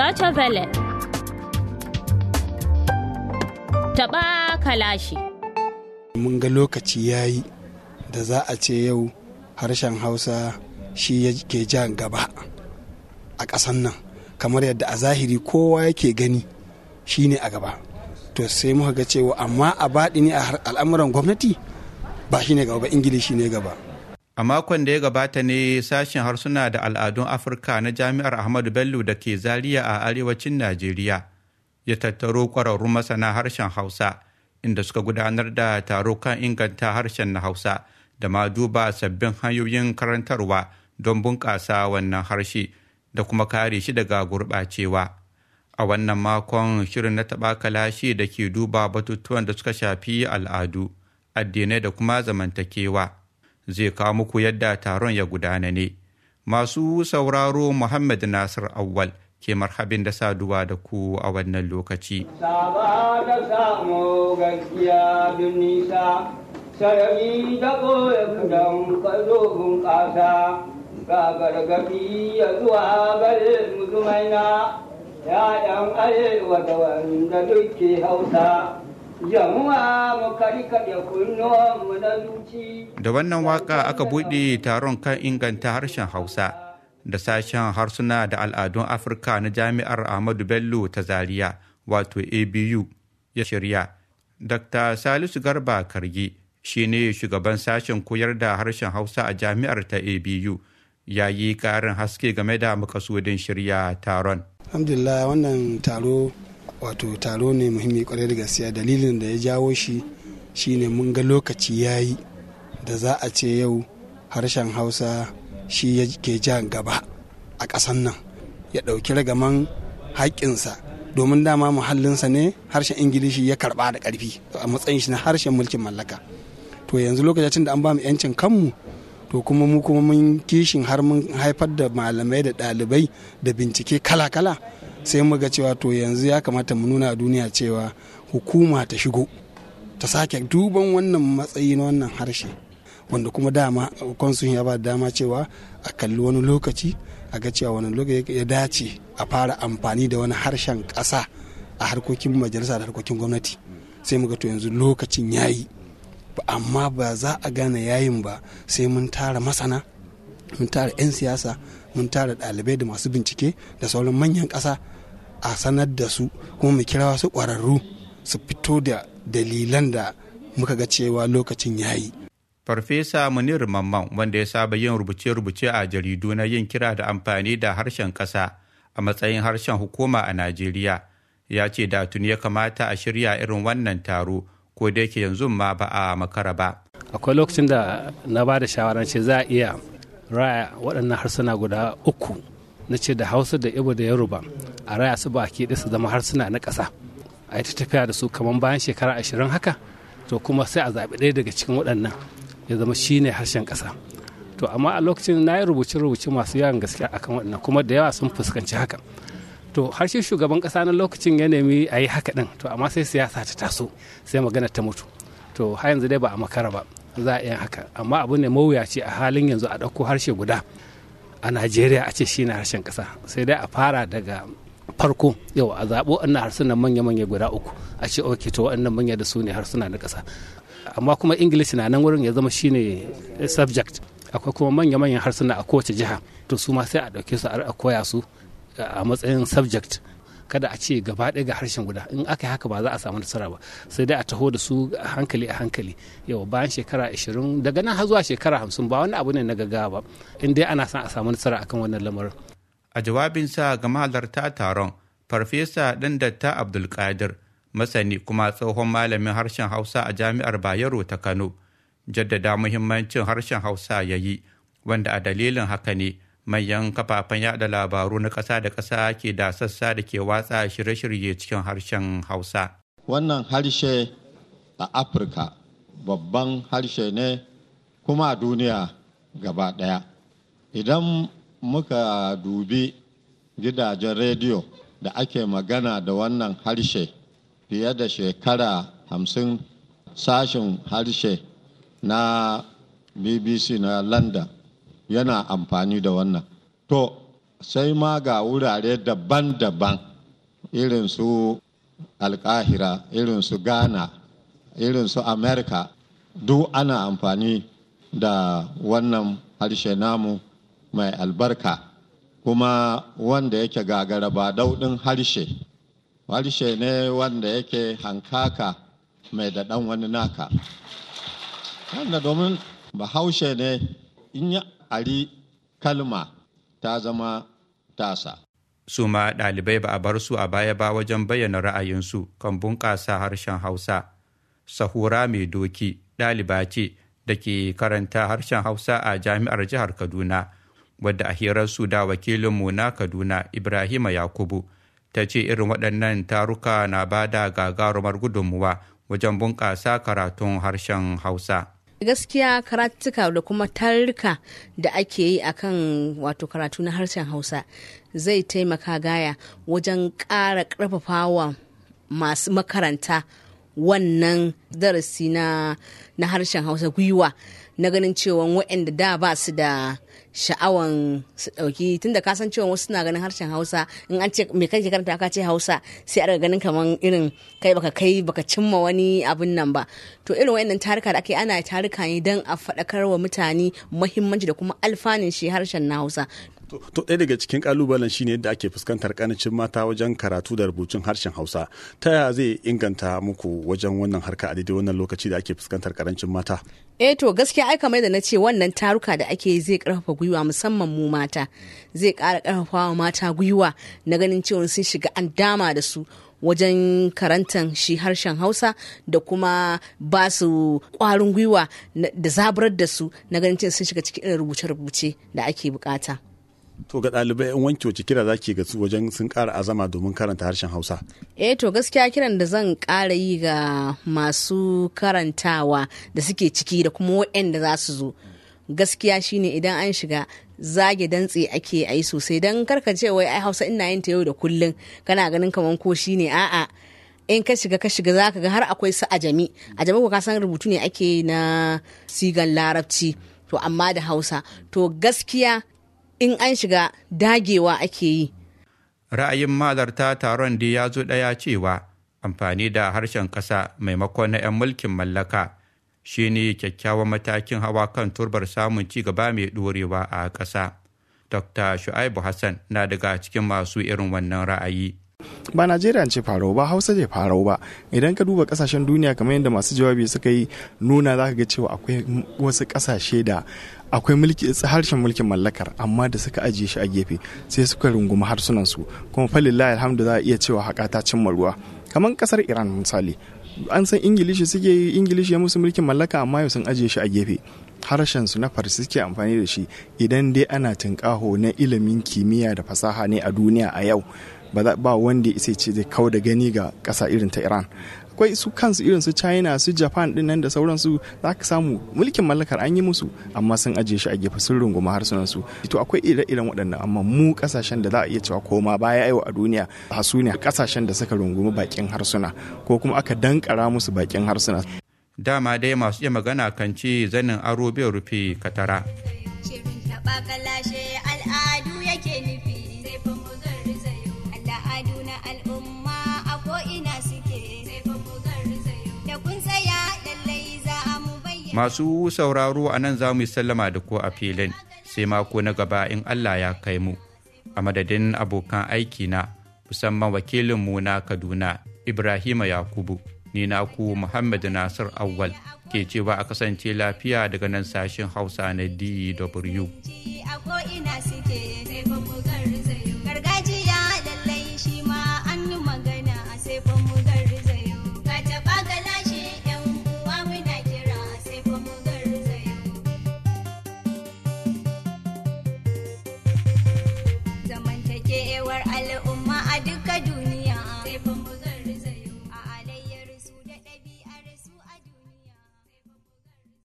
Deutsche Welle. Taɓa kalashi. Mun ga lokaci ya yi da za a ce yau harshen Hausa shi yake jan gaba a ƙasan nan, kamar yadda a zahiri kowa yake gani shi ne a gaba. To sai muka ga cewa amma a baɗi ne a al'amuran gwamnati ba shi ne gaba ba, Ingilishi ne gaba. A makon da ya gabata ne sashen harsuna da al'adun Afirka na Jami'ar Ahmadu Bello da ke Zariya a arewacin Najeriya ya tattaro ƙwararrun masana harshen Hausa inda suka gudanar da taro kan inganta harshen na Hausa da ma duba sabbin hanyoyin karantarwa don bunƙasa wannan harshe da kuma kare shi daga gurɓacewa. A wannan makon shirin na taɓa kalashi da ke duba batutuwan da suka shafi al'adu, addinai da kuma zamantakewa. zai kawo muku yadda taron ya gudana ne. Masu sauraro Muhammad Nasir Awwal ke marhabin da saduwa da ku a wannan lokaci. Saba da samu gaskiya bin nisa, sarari da ɓoye kudan ƙazo bunƙasa, ga gargaɗi ya zuwa garin muzumaina, ya'yan arewa da wanda duk ke hausa. Da wannan waka aka buɗe taron kan inganta harshen Hausa da sashen harsuna da al'adun Afirka na Jami'ar Ahmadu Bello ta Zaria wato ABU ya shirya. Dr. Salisu Garba Karge shi ne shugaban sashen koyar da harshen Hausa a jami'ar ta ABU ya yi ƙarin haske game da makasudin shirya taron. Alhamdulillah wannan taro wato taro ne muhimmi kwarai da gaskiya dalilin da ya jawo shi shine mun ga lokaci ya yi da za a ce yau harshen hausa shi ke jan gaba a ƙasan nan ya ɗauki ragaman haƙƙinsa domin dama muhallinsa ne harshen ingilishi ya karɓa da ƙarfi a matsayin shi na harshen mulkin mallaka to yanzu lokacin da an ba mu 'yancin kanmu to kuma mu kuma mun kishin har mun haifar da malamai da ɗalibai da bincike kala-kala sai muga cewa to yanzu ya kamata mu nuna a duniya cewa hukuma ta shigo ta sake duban wannan matsayi na wannan harshe wanda kuma dama konsun ya ba dama cewa a kalli wani lokaci a ga cewa wani lokaci ya dace a fara amfani da wani harshen kasa a harkokin majalisa da harkokin gwamnati sai muga to yanzu lokacin yayi amma ba za a gane yayin ba sai mun tara masana mun tara 'yan siyasa mun tara ɗalibai da masu bincike da sauran manyan ƙasa a sanar da su kuma mu kira wasu ƙwararru su fito da dalilan da muka ga cewa lokacin ya yi. Farfesa Munir Mamman wanda ya saba yin rubuce-rubuce a jaridu na yin kira da amfani da harshen ƙasa a matsayin harshen hukuma a Najeriya ya ce da tuni ya kamata a shirya irin wannan taro ko da yake yanzu ma ba a makara ba. Akwai lokacin da na ba da shawarar ce za a iya raya waɗannan harsuna guda uku na ce da hausa da ibo da yoruba a raya su ba ke su zama harsuna na ƙasa a yi ta tafiya da su kamar bayan shekara ashirin haka to kuma sai a zaɓi ɗaya daga cikin waɗannan ya zama shi ne harshen ƙasa to amma a lokacin na yi rubuce-rubuce masu yawan gaskiya akan waɗannan kuma da yawa sun fuskanci haka to harshen shugaban ƙasa na lokacin ya nemi a yi haka ɗin to amma sai siyasa ta taso sai magana ta mutu to har yanzu dai ba a makara ba za a yi haka amma abu ne mawuyaci a halin yanzu a ɗauko harshe guda a najeriya a ce shi ne harshen kasa sai dai a fara daga farko yau a zaɓo ina harsunan manya-manya guda uku a ce oke to waɗannan manya da su ne harsuna na kasa. amma kuma ingilishi na nan wurin ya zama shine subject akwai kuma manya-manyan harsuna a kowace jiha to su ma sai a ɗauke su a koya su a matsayin subject kada a ce gaba ɗaya ga harshen guda in aka yi haka ba za a samu nasara ba sai dai a taho da su hankali a hankali yau bayan shekara 20 daga nan har zuwa shekara hamsin ba wani abu ne na gaggawa ba in dai ana son a samu nasara akan wannan lamarin a jawabin sa ga mahalarta taron farfesa ɗan datta abdulkadir masani kuma tsohon malamin harshen hausa a jami'ar bayero ta kano jaddada muhimmancin harshen hausa ya yi wanda a dalilin haka ne Manyan kafafen yada labaru na ƙasa da ƙasa ke da sassa da ke watsa shirye-shirye cikin harshen hausa wannan harshe a afirka babban harshe ne kuma a duniya gaba ɗaya idan muka dubi gidajen rediyo da ake magana da wannan harshe fiye da shekara hamsin sashen harshe na bbc na london yana amfani da wannan to sai ma ga wurare daban-daban irin su alkahira irin su ghana irin su america duk ana amfani da wannan harshe namu mai albarka kuma wanda yake gagara ba daudin harshe harshe ne wanda yake hankaka mai daɗan wani naka wanda domin bahaushe ne in ya ari kalma ta zama tasa. Su ma ɗalibai ba a bar su a baya ba wajen bayyana ra'ayinsu kan bunƙasa harshen Hausa. Sahura mai doki ɗaliba ce da ke karanta harshen Hausa a jami'ar jihar Kaduna, wadda a su da Wakilin na Kaduna Ibrahima Yakubu. ta ce irin waɗannan taruka na ba da gagarumar gudunmuwa wajen bunƙasa karatun harshen hausa gaskiya karatuka da kuma tarurruka da ake yi akan wato karatu na harshen hausa zai taimaka gaya wajen ƙara ƙarfafawa masu makaranta wannan darasi na na harshen hausa gwiwa na ganin cewa waɗanda da ba su da sha'awan su ɗauki tunda da kasan cewa wasu suna ganin harshen hausa in an ce me kake karanta ka ce hausa sai a ganin kamar irin kai baka kai baka cimma wani abin nan ba to irin waɗannan taruka da ake ana taruka ne don a faɗakar wa mutane muhimmanci da kuma alfanin shi harshen na hausa To ɗaya daga cikin ƙalubalen shine yadda ake fuskantar kanacin mata wajen karatu da rubutun harshen Hausa. Ta yaya zai inganta muku wajen wannan harka a daidai wannan lokaci da ake fuskantar ƙarancin mata? Eh to gaskiya ai kamar da na ce wannan taruka da ake zai karfafa gwiwa musamman mu mata. Zai ƙara ƙarfafa mata gwiwa na ganin cewa sun shiga an dama da su. wajen karantan shi harshen hausa da kuma ba su kwarin gwiwa da zaburar da su na ganin sun shiga cikin rubuce-rubuce da ake bukata. to ga ɗalibai yan wanke wace kira zaki ga su wajen sun ƙara azama domin karanta harshen hausa eh to gaskiya kiran da zan ƙara yi ga masu karantawa da suke ciki da kuma waɗanda za su zo gaskiya shine idan an shiga zage dantse ake a yi sosai don karkace wai ai hausa ina yin ta yau da kullun kana ganin kamar ko shine a'a in ka shiga ka shiga za ka ga har akwai su ajami ajami ko ka san rubutu ne ake na sigan larabci to amma da hausa to gaskiya in an shiga dagewa ake yi ra'ayin malarta taron da ya zo ɗaya cewa amfani da harshen ƙasa maimakon na 'yan mulkin mallaka shi ne kyakkyawan matakin hawa kan turbar samun ci gaba mai ɗorewa a ƙasa dr shu'aibu hassan na daga cikin masu irin wannan ra'ayi ba najeriya ce farau ba hausa ce farau ba idan ka duba kasashen duniya kamar yadda masu jawabi suka yi nuna za ka ga cewa akwai wasu kasashe da akwai mulki harshen mulkin mallakar amma da suka ajiye shi a gefe sai suka runguma harsunan su kuma falillahi alhamdu za a iya cewa haƙa ta cimma ruwa kamar kasar iran misali an san ingilishi suke yi ingilishi ya musu mulkin mallaka amma yau sun ajiye shi a gefe harshen su na farsi suke amfani da shi idan dai ana tinkaho na ilimin kimiyya da fasaha ne a duniya a yau ba wanda ya ce zai kau da gani ga ƙasa irin ta iran akwai su kansu irin su china su japan din nan da sauransu za ka samu mulkin mallakar an yi musu amma sun ajiye shi a gefe sun runguma harsunan su to akwai ire-iren waɗannan amma mu kasashen da za a iya cewa koma baya yau a duniya hasu ne kasashen da suka rungumi bakin harsuna ko kuma aka dankara musu bakin harsuna dama dai masu iya magana kan ci zanin aro bai rufe katara. masu sauraro a nan za mu yi sallama da ko a filin sai mako na gaba in allah ya kai mu a madadin abokan aiki na musamman mu na kaduna ibrahima yakubu ni na ku muhammad nasir awwal ke cewa a kasance lafiya daga nan sashen hausa na dw